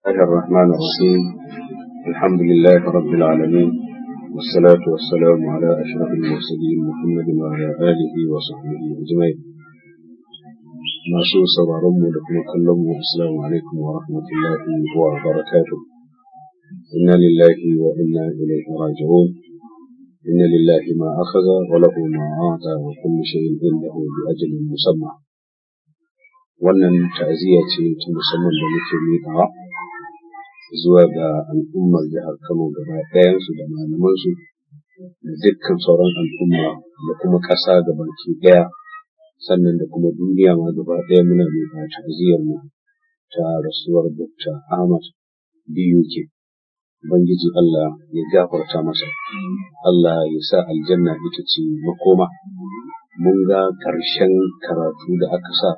بسم الله الرحمن الرحيم الحمد لله رب العالمين والصلاة والسلام على أشرف المرسلين محمد وعلى آله وصحبه أجمعين نصوص ورمو لكم كلهم والسلام عليكم ورحمة الله وبركاته إنا لله وإنا إليه راجعون إن لله ما أخذ وله ما أعطى وكل شيء عنده بأجل مسمى ولن تعزية تمسمى لمثل ميقا zuwa ga al'ummar jihar Kano gaba da malamansu da dukkan sauran al'umma da kuma ƙasa baki ɗaya sannan da kuma duniya ma gaba ɗaya muna mai ta'aziyar mu ta rasuwar Dr. Ahmad BUK. Ubangiji Allah ya gafarta masa, Allah ya sa aljanna ita ce makoma. Mun ga ƙarshen karatu da aka sa,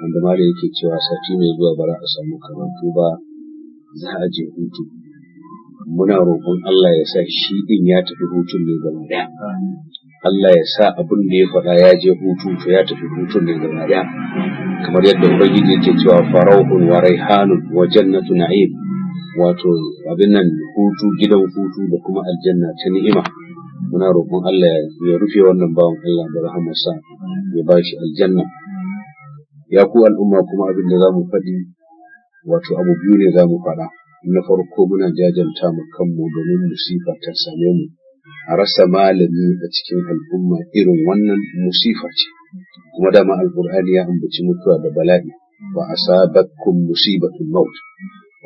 wanda ma da yake cewa sati mai zuwa bara a samu karatu ba za a je hutu muna roƙon Allah ya sa shi din ya tafi hutun ne gaba daya Allah ya sa abin da ya faɗa ya je hutu to ya tafi hutun ne gaba daya kamar yadda ubangiji yake cewa farauhun wa raihanun wa jannatu na'im wato abin nan hutu gidan hutu da kuma aljanna ta ni'ima muna roƙon Allah ya rufe wannan bawan Allah da rahamarsa ya ba shi aljanna ya ku al'umma kuma abin da za mu faɗi wato abu biyu ne za mu faɗa na farko muna jajanta mu kanmu domin musifa ta same mu a rasa malami a cikin al'umma irin wannan musifa ce kuma dama alkur'ani ya ambaci mutuwa da bala'i ba a sabakkun musibatun maut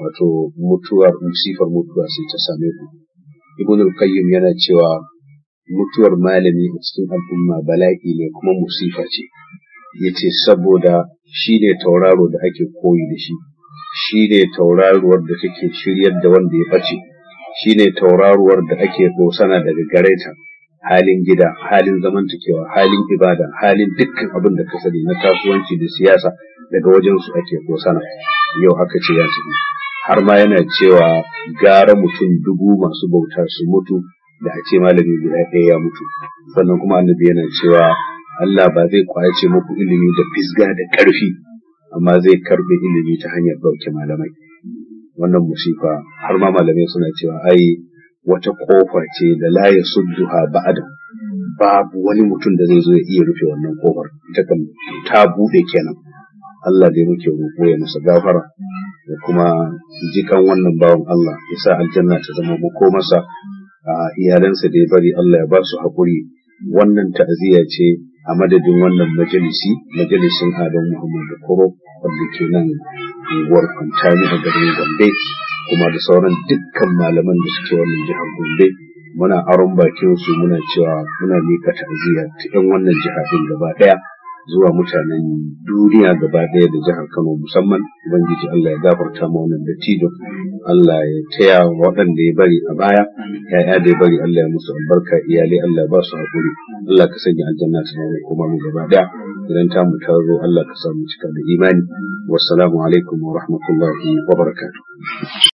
wato mutuwar musifar mutuwa sai ta same ku ibn al-qayyim yana cewa mutuwar malami a cikin al'umma bala'i ne kuma musifa ce yace saboda shine tauraro da ake koyi da shi shi ne tauraruwar da take shiryar da wanda ya ɓace shi ne tauraruwar da ake bosana daga gareta halin gida halin zamantakewa halin ibada halin dukkan abin da kasari na kasuwanci da siyasa daga wajen su ake bosana. yau haka ce ya tafi har ma yana cewa gara mutum dubu masu bauta su mutu da a ce malami guda ɗaya ya mutu sannan kuma annabi yana cewa Allah ba zai kwace muku ilimi da fisga da ƙarfi amma zai karbi ilimi ta hanyar ɗauke malamai wannan musifa har ma malamai suna cewa ai wata kofar ce da la ya sudduha ba'ada babu wani mutum da zai zo ya iya rufe wannan kofar ita kan ta bude kenan Allah dai muke roƙo ya masa gafara da kuma jikan wannan bawan Allah ya sa aljanna ta zama muko masa a iyalansa da ya bari Allah ya ba su haƙuri wannan ta'aziyya ce a madadin wannan majalisi majalisin adon muhammadu koro wanda ke nan unguwar kwantani a garin gombe kuma da sauran dukkan malaman da suke wannan jihar gombe muna aron bakin su muna cewa muna miƙa ta'aziyya ta yan wannan jihar din gaba daya zuwa mutanen duniya gaba ɗaya da jihar Kano musamman Ubangiji Allah ya gafarta ma wannan dattijo Allah ya taya waɗanda ya bari a baya ya'ya da ya bari Allah ya musu albarka iyalai Allah ba su haƙuri Allah ka sanya aljanna ta mai kuma mu gaba ɗaya idan ta mu taro Allah ka samu cika da imani wassalamu alaikum wa rahmatullahi wa barakatuh